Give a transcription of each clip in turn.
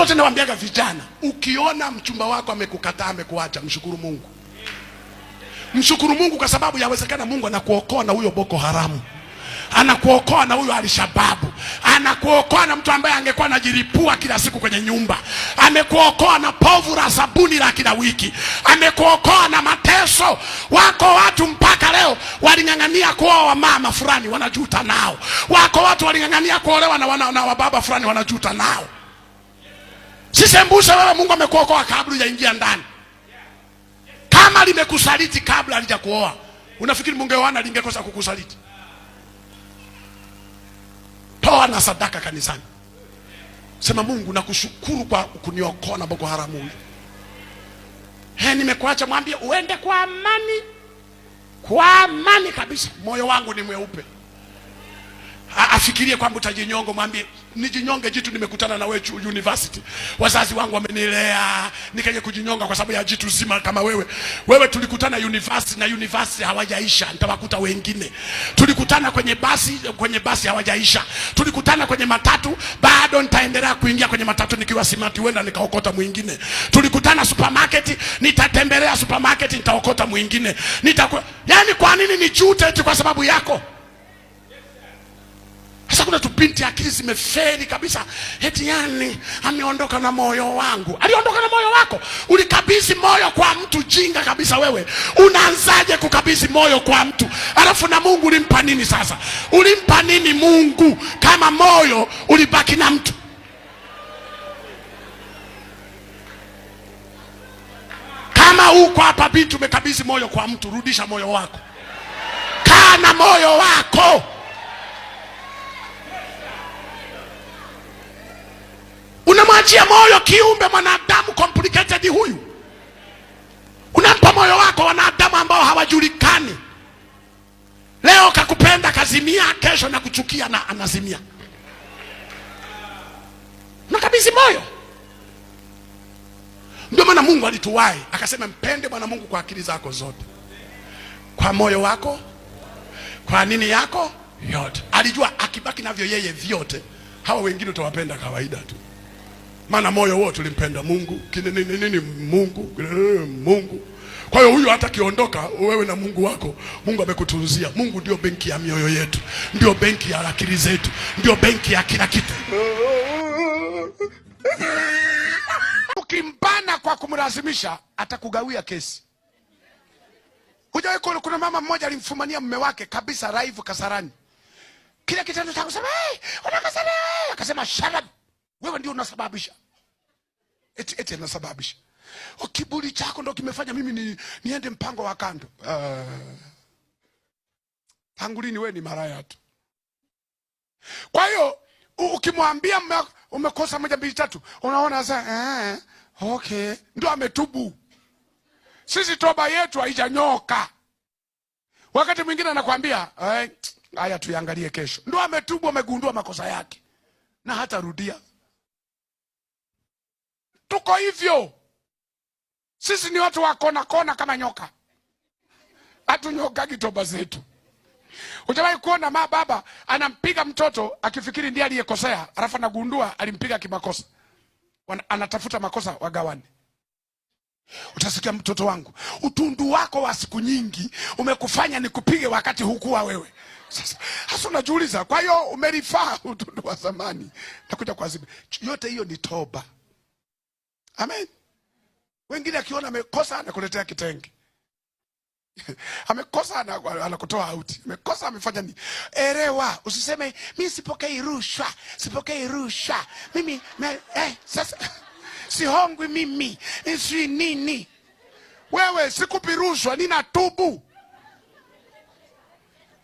zote nawaambiaga vijana, ukiona mchumba wako amekukataa, amekuacha, mshukuru Mungu, mshukuru Mungu kwa sababu yawezekana Mungu anakuokoa na huyo Boko Haramu, anakuokoa na huyo Alshababu, anakuokoa na mtu ambaye angekuwa anajiripua kila siku kwenye nyumba, amekuokoa na povu la sabuni la kila wiki, amekuokoa na mateso. Wako watu mpaka leo waling'ang'ania kuoa wamama fulani, wanajuta nao. Wako watu waling'ang'ania kuolewa na wana, na wababa fulani, wanajuta nao. Si sembuse wewe, Mungu amekuokoa kabla hujaingia ndani. Kama limekusaliti kabla halijakuoa, unafikiri mungeoana lingekosa kukusaliti? Toa na sadaka kanisani, sema Mungu nakushukuru kwa kuniokoa na Boko Haramu huyu. He, nimekuacha. Mwambie uende kwa amani, kwa amani kabisa, moyo wangu ni mweupe. Afikirie kwamba utajinyongo, mwambie nijinyonge jitu, nimekutana na wewe university. Wazazi wangu wamenilea nikaje kujinyonga kwa sababu ya jitu zima kama wewe. Wewe tulikutana university na university hawajaisha, nitawakuta wengine. Tulikutana kwenye basi, kwenye basi hawajaisha. Tulikutana kwenye matatu, bado nitaendelea kuingia kwenye matatu nikiwa simati, wenda nikaokota mwingine. Tulikutana supermarket, nitatembelea supermarket, nitaokota mwingine. Nitaku... yani kwa nini nijute eti kwa sababu yako? Sasa kuna tupinti akili zimeferi kabisa, eti yani ameondoka na moyo wangu. Aliondoka na moyo wako? Ulikabidhi moyo kwa mtu jinga kabisa. Wewe unaanzaje kukabidhi moyo kwa mtu alafu na Mungu ulimpa nini? Sasa ulimpa nini Mungu kama moyo ulibaki na mtu? Kama uko hapa binti, umekabidhi moyo kwa mtu, rudisha moyo wako, kaa na moyo wako. Unamwachia moyo kiumbe mwanadamu complicated huyu, unampa moyo wako wanadamu ambao hawajulikani. Leo kakupenda kazimia, kesho na kuchukia na anazimia. nakabizi moyo. Ndio maana Mungu alituwahi akasema, mpende Bwana Mungu kwa akili zako zote, kwa moyo wako, kwa nini yako yote. Alijua akibaki navyo yeye vyote, hawa wengine utawapenda kawaida tu maana moyo wote ulimpenda Mungu nini nini Mungu eh, Mungu. Kwa hiyo huyu hata akiondoka, wewe na Mungu wako, Mungu amekutunzia. Mungu ndio benki ya mioyo yetu, ndio benki ya akili zetu, ndio benki ya kila kitu. Ukimbana kwa kumlazimisha, atakugawia kesi. Hujawahi kuona kuna mama mmoja alimfumania mume wake kabisa, raivu Kasarani, kila kitendo cha kusema hey, eh, unakasana, eh, akasema shut up, wewe ndio unasababisha eti eti anasababisha oh, kiburi chako ndo kimefanya mimi ni, niende mpango wa kando. Uh, tangu lini we ni maraya tu? Kwa hiyo ukimwambia umekosa moja mbili tatu, unaona sasa eh, okay, ndo ametubu. Sisi toba yetu haijanyoka. Wakati mwingine anakwambia eh, haya, eh, tuiangalie kesho, ndo ametubu, amegundua makosa yake na hata rudia Tuko hivyo sisi, ni watu wa kona kona kama nyoka, hatunyokagi toba zetu. Ujawahi kuona ma baba anampiga mtoto akifikiri ndiye aliyekosea, alafu anagundua alimpiga kimakosa, anatafuta makosa wagawane. Utasikia, mtoto wangu, utundu wako wa siku nyingi umekufanya nikupige wakati hukuwa wewe. Sasa hasa unajiuliza, kwa hiyo umerifaa utundu wa zamani, nakuja kuadhibu. Yote hiyo ni toba. Amen. Wengine akiona amekosa anakuletea kitenge amekosa anakutoa auti, amekosa amefanya nini? Erewa, usiseme mi sipokei rushwa, sipokei rushwa mimi me, eh, sasa sihongwi mimi si nini. Wewe sikupi rushwa, tubu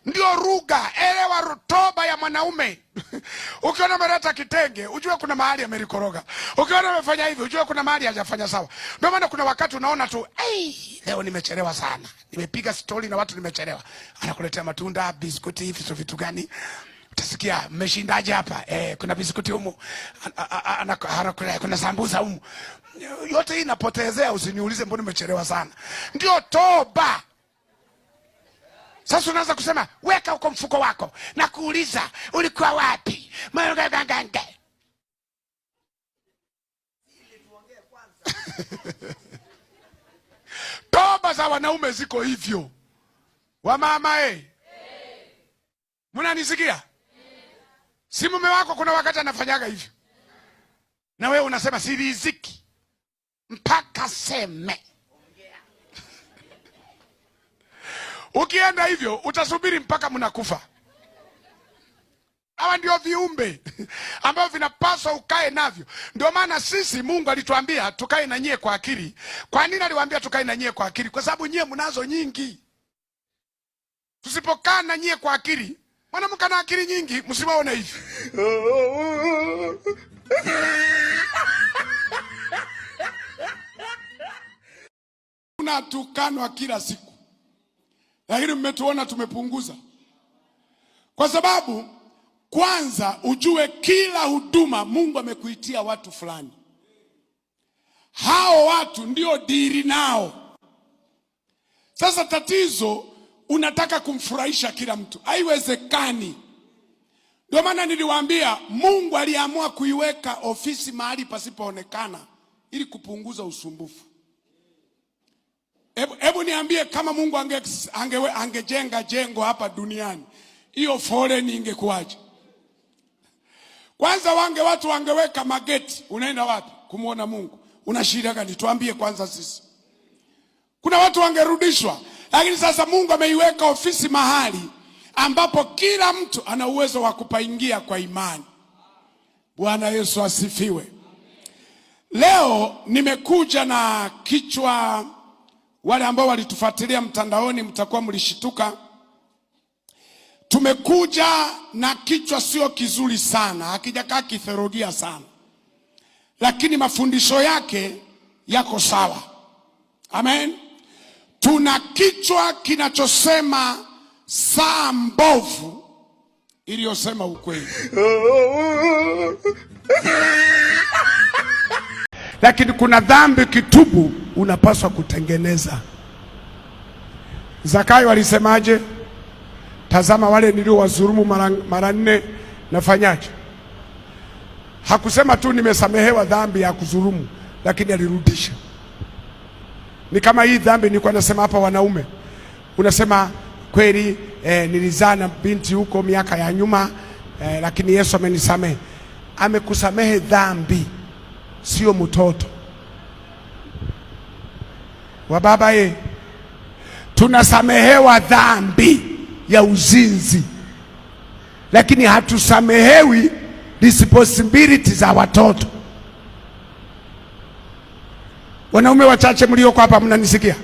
ndio ruga Elewa toba ya mwanaume ukiona ameleta kitenge ujue kuna mahali amelikoroga. Ukiona amefanya hivi ujue kuna mahali hajafanya sawa. Ndio maana kuna wakati unaona tu hey, leo nimechelewa sana, nimepiga stori na watu nimechelewa. Anakuletea matunda, biskuti, hivi sio vitu gani Utasikia mmeshindaje hapa? Eh, kuna biskuti humu, ana, ana, kuna sambusa humu. Yote hii napotezea, usiniulize mbona nimechelewa sana. Ndio toba. Sasa unaweza kusema weka huko mfuko wako, na kuuliza ulikuwa wapi? magagaganda toba za wanaume ziko hivyo, wamama e. Eh? mnanisikia? Si mume wako kuna wakati anafanyaga hivyo, na wewe unasema siriziki mpaka seme Ukienda hivyo utasubiri mpaka mnakufa. Hawa ndio viumbe ambavyo vinapaswa ukae navyo. Ndio maana sisi Mungu alituambia tukae na nyie kwa akili. Kwa nini aliwaambia tukae na nyie kwa akili? Kwa sababu nyie mnazo nyingi. Tusipokaa na nyie kwa akili, mwanamke ana akili nyingi, msiwaone hivi unatukanwa kila siku lakini mmetuona tumepunguza, kwa sababu kwanza ujue kila huduma Mungu amekuitia watu fulani. Hao watu ndio diri nao. Sasa tatizo unataka kumfurahisha kila mtu, haiwezekani. Ndio maana niliwaambia Mungu aliamua kuiweka ofisi mahali pasipoonekana ili kupunguza usumbufu. Hebu hebu niambie kama Mungu ange, ange, angejenga jengo hapa duniani hiyo foleni ingekuwaje? Kwanza wange watu wangeweka mageti, unaenda wapi kumwona Mungu? Una shida gani? Tuambie kwanza sisi. Kuna watu wangerudishwa, lakini sasa Mungu ameiweka ofisi mahali ambapo kila mtu ana uwezo wa kupaingia kwa imani. Bwana Yesu asifiwe. Leo nimekuja na kichwa wale ambao walitufuatilia mtandaoni mtakuwa mlishituka. Tumekuja na kichwa sio kizuri sana, hakijakaa kitherogia sana, lakini mafundisho yake yako sawa. Amen. Tuna kichwa kinachosema saa mbovu iliyosema ukweli lakini kuna dhambi kitubu, unapaswa kutengeneza. Zakayo alisemaje? Tazama wale niliowadhulumu mara mara nne nafanyaje? Hakusema tu nimesamehewa dhambi ya kudhulumu, lakini alirudisha. Ni kama hii dhambi nilikuwa nasema hapa, wanaume, unasema kweli eh, nilizaa na binti huko miaka ya nyuma eh, lakini Yesu amenisamehe. Amekusamehe dhambi sio mtoto wa baba ye. Tunasamehewa dhambi ya uzinzi, lakini hatusamehewi responsibility za watoto. Wanaume wachache mlioko hapa, mnanisikia?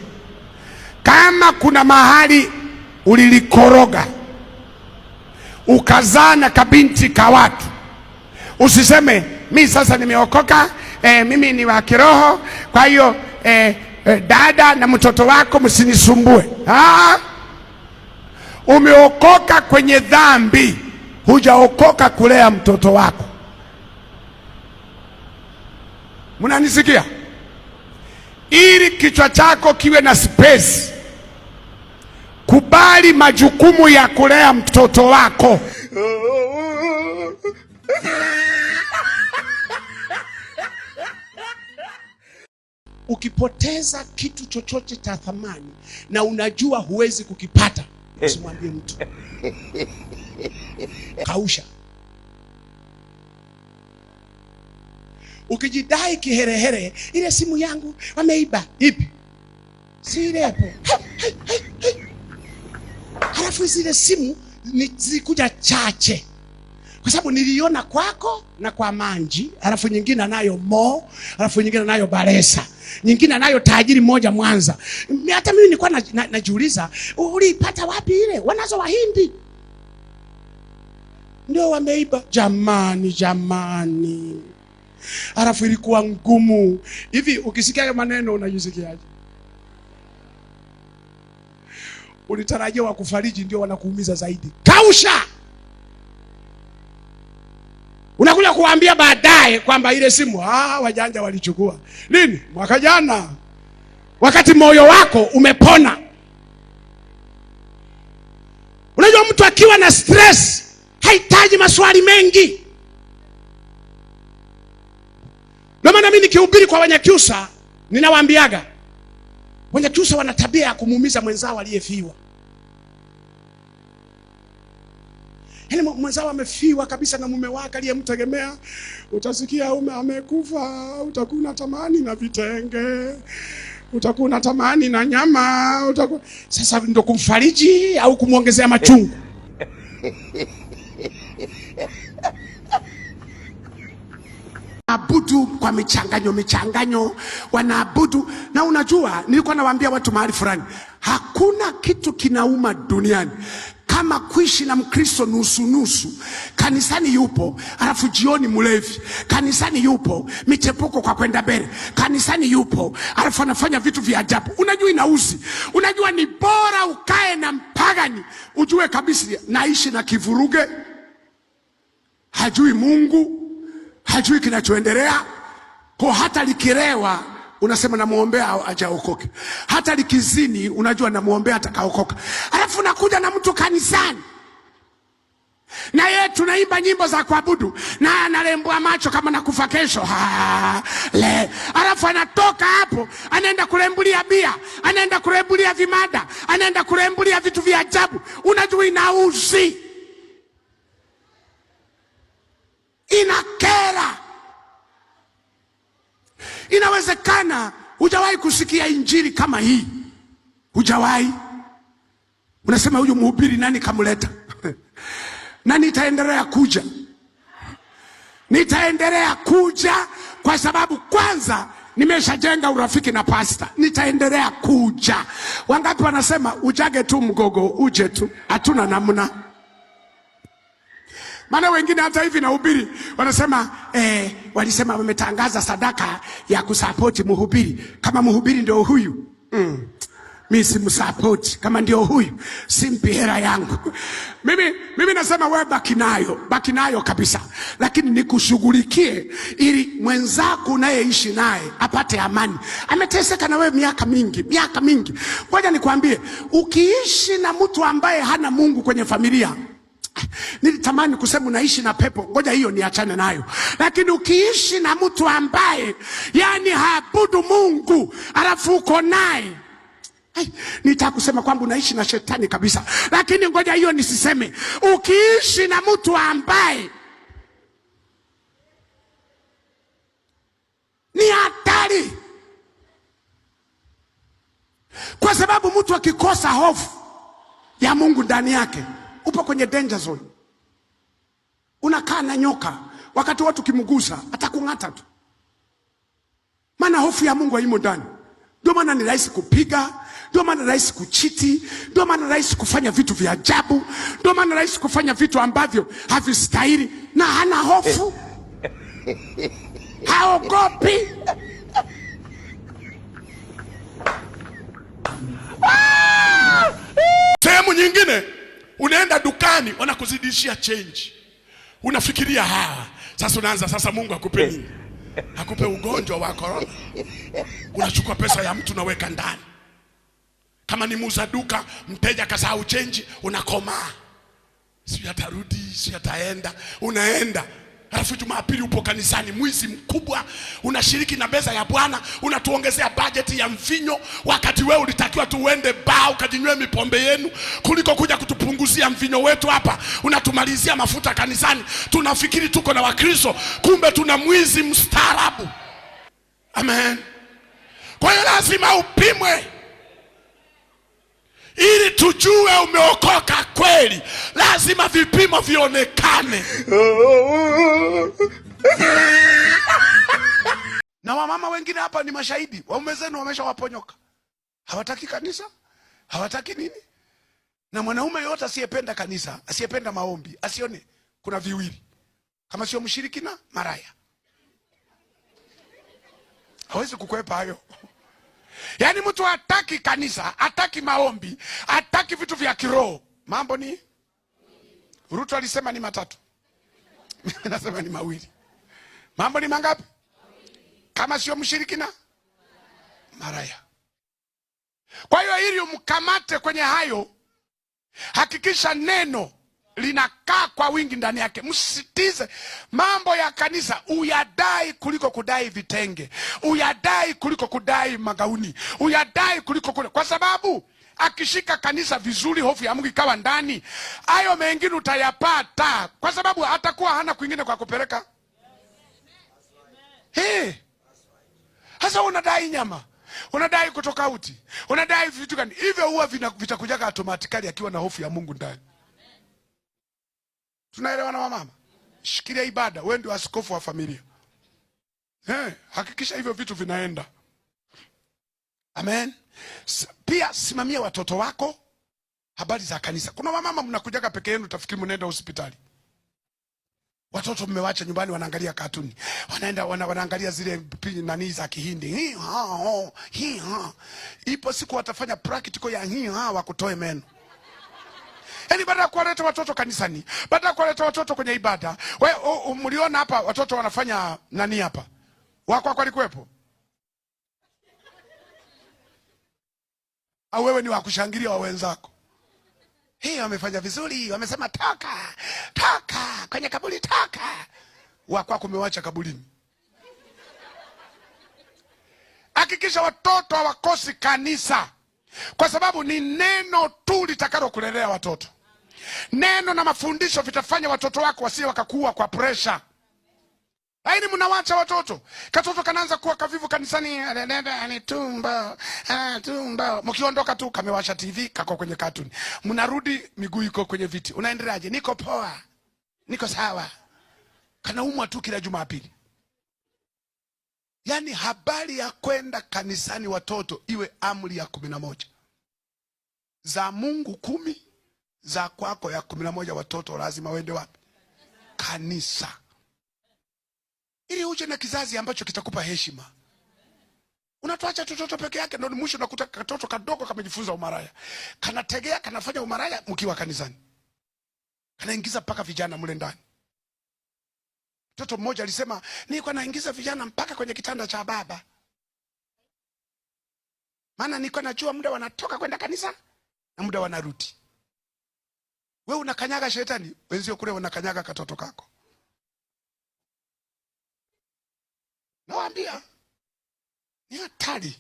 Kama kuna mahali ulilikoroga ukazaa na kabinti ka watu, usiseme mi sasa nimeokoka eh, mimi ni wa kiroho. Kwa hiyo eh, eh, dada na mtoto wako msinisumbue. Ah, umeokoka kwenye dhambi, hujaokoka kulea mtoto wako. Mnanisikia? Ili kichwa chako kiwe na space, kubali majukumu ya kulea mtoto wako ukipoteza kitu chochote cha thamani na unajua huwezi kukipata, usimwambie mtu. Kausha. Ukijidai kiherehere, ile simu yangu wameiba. Ipi? Si ile hapo. Halafu zile simu ni zikuja chache kwa sababu niliona kwako na kwa Manji, alafu nyingine anayo Mo, alafu nyingine anayo Baresa, nyingine anayo tajiri mmoja Mwanza. Hata mimi nilikuwa najiuliza na, na ulipata wapi ile? Wanazo Wahindi ndio wameiba. Jamani, jamani, alafu ilikuwa ngumu hivi. Ukisikia hayo maneno unajisikiaje? Ulitarajia wakufariji, ndio wanakuumiza zaidi. Kausha kuambia baadaye kwamba ile simu ah, wajanja walichukua lini? Mwaka jana, wakati moyo wako umepona. Unajua, mtu akiwa na stress hahitaji maswali mengi. Ndio maana mimi nikihubiri kwa Wanyakyusa ninawaambiaga Wanyakyusa wana tabia ya kumuumiza mwenzao aliyefiwa. yani mwenzao amefiwa kabisa na mume wake aliyemtegemea. Utasikia ume amekufa, utakuwa tamani na vitenge, utakuwa tamani na nyama, utakuwa sasa ndio kumfariji au kumwongezea machungu? Wanaabudu kwa michanganyo michanganyo, wanaabudu na unajua, nilikuwa nawaambia watu mahali fulani, hakuna kitu kinauma duniani kama kuishi na Mkristo nusu nusu kanisani yupo alafu jioni mlevi, kanisani yupo michepuko kwa kwenda mbele, kanisani yupo alafu anafanya vitu vya ajabu, unajua inauzi. Unajua ni bora ukae na mpagani, ujue kabisa naishi na kivuruge, hajui Mungu, hajui kinachoendelea, kwa hata likirewa unasema namuombea ajaokoke, hata likizini, unajua namuombea atakaokoka. Alafu nakuja na mtu kanisani na yeye tunaimba nyimbo za kuabudu na analembwa macho kama nakufa kesho le. Alafu anatoka hapo anaenda kurembulia bia, anaenda kurembulia vimada, anaenda kurembulia vitu vya ajabu. Unajua inauzi, inakera. Inawezekana hujawahi kusikia injili kama hii, hujawahi. Unasema huyu mhubiri nani kamleta? na nitaendelea kuja, nitaendelea kuja kwa sababu kwanza nimeshajenga urafiki na pasta, nitaendelea kuja. Wangapi wanasema ujage tu mgogo, uje tu, hatuna namna. Maana wengine hata hivi nahubiri wanasema eh, walisema wametangaza sadaka ya kusapoti mhubiri. Kama mhubiri ndio huyu mm, mi simsapoti. Kama ndio huyu simpi hera yangu mimi, mimi nasema we baki nayo, baki nayo kabisa, lakini nikushughulikie ili mwenzako unayeishi naye apate amani. Ameteseka na wewe miaka mingi, miaka mingi. Ngoja nikwambie, ukiishi na mtu ambaye hana Mungu kwenye familia nilitamani kusema unaishi na pepo, ngoja hiyo niachane nayo. Lakini ukiishi na mtu ambaye yani haabudu Mungu alafu uko naye nitaka kusema kwamba unaishi na shetani kabisa, lakini ngoja hiyo nisiseme. Ukiishi na mtu ambaye ni hatari, kwa sababu mtu akikosa hofu ya Mungu ndani yake upo kwenye danger zone. Unakaa na nyoka, wakati watu kimugusa atakung'ata tu, maana hofu ya Mungu haimo ndani. Ndio maana ni rahisi kupiga, ndio maana rahisi kuchiti, ndio maana rahisi kufanya vitu vya ajabu, ndio maana rahisi kufanya vitu ambavyo havistahili, na hana hofu haogopi. Sehemu nyingine Unaenda dukani wanakuzidishia change, unafikiria ha, sasa unaanza sasa, Mungu akupe nini? Akupe ugonjwa wa korona? Unachukua pesa ya mtu unaweka ndani. Kama ni muuza duka, mteja kasahau change, unakomaa, si atarudi, si ataenda, unaenda Alafu Jumapili upo kanisani, mwizi mkubwa, unashiriki na meza ya Bwana, unatuongezea bajeti ya mvinyo, wakati wewe ulitakiwa tuende baa ukajinywe mipombe yenu kuliko kuja kutupunguzia mvinyo wetu hapa. Unatumalizia mafuta kanisani, tunafikiri tuko na Wakristo, kumbe tuna mwizi mstaarabu. Amen. Kwa hiyo lazima upimwe. Ili tujue umeokoka kweli, lazima vipimo vionekane. na wamama wengine hapa ni mashahidi, waume zenu wameshawaponyoka, hawataki kanisa, hawataki nini. Na mwanaume yoyote asiyependa kanisa, asiyependa maombi, asione kuna viwili, kama sio mshirikina, maraya, hawezi kukwepa hayo. Yaani mtu hataki kanisa, hataki maombi, hataki vitu vya kiroho. Mambo ni Ruto alisema ni matatu nasema ni mawili. Mambo ni mangapi? Kama sio mshirikina maraya. Kwa hiyo ili umkamate kwenye hayo, hakikisha neno linakaa kwa wingi ndani yake. Msisitize mambo ya kanisa, uyadai kuliko kudai vitenge, uyadai kuliko kudai magauni, uyadai kuliko kule, kwa sababu akishika kanisa vizuri, hofu ya Mungu ikawa ndani, hayo mengine utayapata, kwa sababu atakuwa hana kwingine kwa kupeleka. Hey, sasa unadai nyama unadai kutoka uti unadai vitu gani hivyo, huwa vitakujaga automatikali akiwa na hofu ya Mungu ndani. Tunaelewana wamama? Shikilia ibada, wewe ndio askofu wa familia. Eh, hakikisha hivyo vitu vinaenda. Amen. Pia simamia watoto wako habari za kanisa. Kuna wamama mnakujaga peke yenu, tafikiri mnaenda hospitali. Watoto mmewacha nyumbani wanaangalia katuni. Wanaenda wana, wanaangalia zile nani za Kihindi. Hii ha, oh, hii ha. Ipo siku watafanya practical ya hii ha wakutoe meno. Yaani baada ya kuwaleta watoto kanisani, baada ya kuwaleta watoto kwenye ibada. we mliona hapa watoto wanafanya nani hapa? Wako wako alikuwepo? Au wewe ni wa kushangilia wa wenzako? Hii wamefanya vizuri, wamesema toka, toka kwenye kaburi toka. Wako wako umewacha kaburini. Hakikisha watoto hawakosi kanisa, kwa sababu ni neno tu litakalokulelea watoto. Neno na mafundisho vitafanya watoto wako wasije wakakuwa kwa presha. Lakini mnawacha watoto, katoto kanaanza kuwa kavivu kanisani, anitumba ah, tumba. Mkiondoka tu kamewasha TV, kako kwenye katuni, mnarudi miguu iko kwenye viti. Unaendeleaje? Niko poa, niko sawa. Kanaumwa tu kila Jumapili. Yaani habari ya kwenda kanisani watoto iwe amri ya kumi na moja za Mungu kumi za kwako ya kumi na moja watoto lazima waende wapi? Kanisa, ili uje na kizazi ambacho kitakupa heshima. Unatuacha tutoto peke yake, ndio mwisho unakuta katoto kadogo kamejifunza umaraya, kanategea, kanafanya umaraya mkiwa kanisani, kanaingiza mpaka vijana mle ndani. Mtoto mmoja alisema nilikuwa naingiza vijana mpaka kwenye kitanda cha baba, maana nilikuwa najua muda wanatoka kwenda kanisa na muda wanarudi. We unakanyaga shetani, wenzio kule wanakanyaga katoto kako. Nawaambia ni hatari.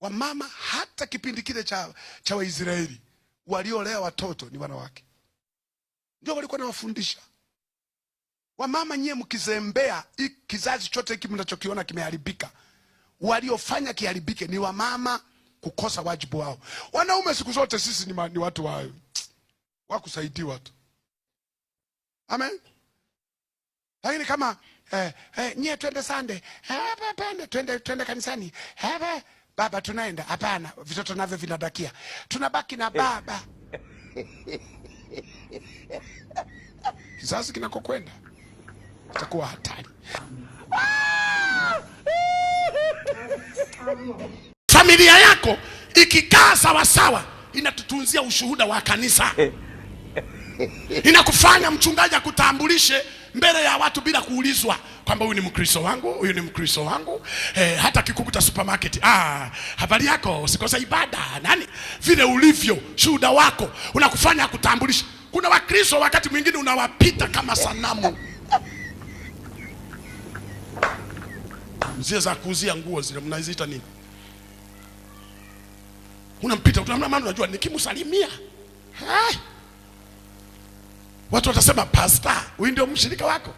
Wamama hata kipindi kile cha, cha Waisraeli waliolea watoto ni wanawake, ndio walikuwa nawafundisha wamama, nyie mkizembea, kizazi chote hiki mnachokiona kimeharibika, waliofanya kiharibike ni wamama kukosa wajibu wao. Wanaume siku zote sisi ni, ma, ni watu wa wakusaidiwa tu, amen. Lakini kama eh, eh, nyie twende sande, eh, hapana, twende twende kanisani, eh, hapa baba tunaenda, hapana, vitoto navyo vinadakia, tunabaki na baba kizazi kinakokwenda itakuwa hatari familia yako ikikaa sawasawa, inatutunzia ushuhuda wa kanisa, inakufanya mchungaji akutambulishe mbele ya watu bila kuulizwa kwamba huyu ni Mkristo wangu, huyu ni Mkristo wangu. Eh, hata kikukuta supermarket, ah, habari yako, usikosa ibada nani, vile ulivyo, shuhuda wako unakufanya akutambulishe. Kuna Wakristo wakati mwingine unawapita kama sanamu zile za kuuzia nguo zile mnaziita nini? unampita utamna, namna unajua nikimsalimia watu watasema pasta, huyu ndio mshirika wako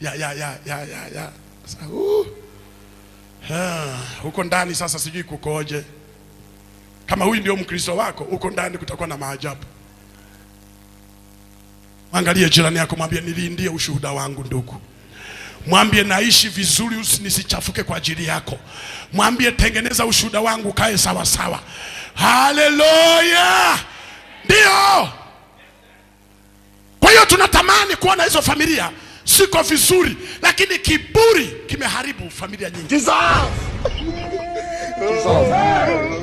ya ya ya ya ya ya sasa, uh, ha, huko ndani sasa sijui kukoje. Kama huyu ndio mkristo wako, huko ndani kutakuwa na maajabu. Mwangalie jirani yako, mwambie nilindie ushuhuda wangu ndugu. Mwambie naishi vizuri, nisichafuke kwa ajili yako. Mwambie tengeneza ushuhuda wangu kae sawa sawa. Haleluya, ndio. Kwa hiyo tunatamani kuona hizo familia siko vizuri, lakini kiburi kimeharibu familia nyingi. Jesus. Jesus.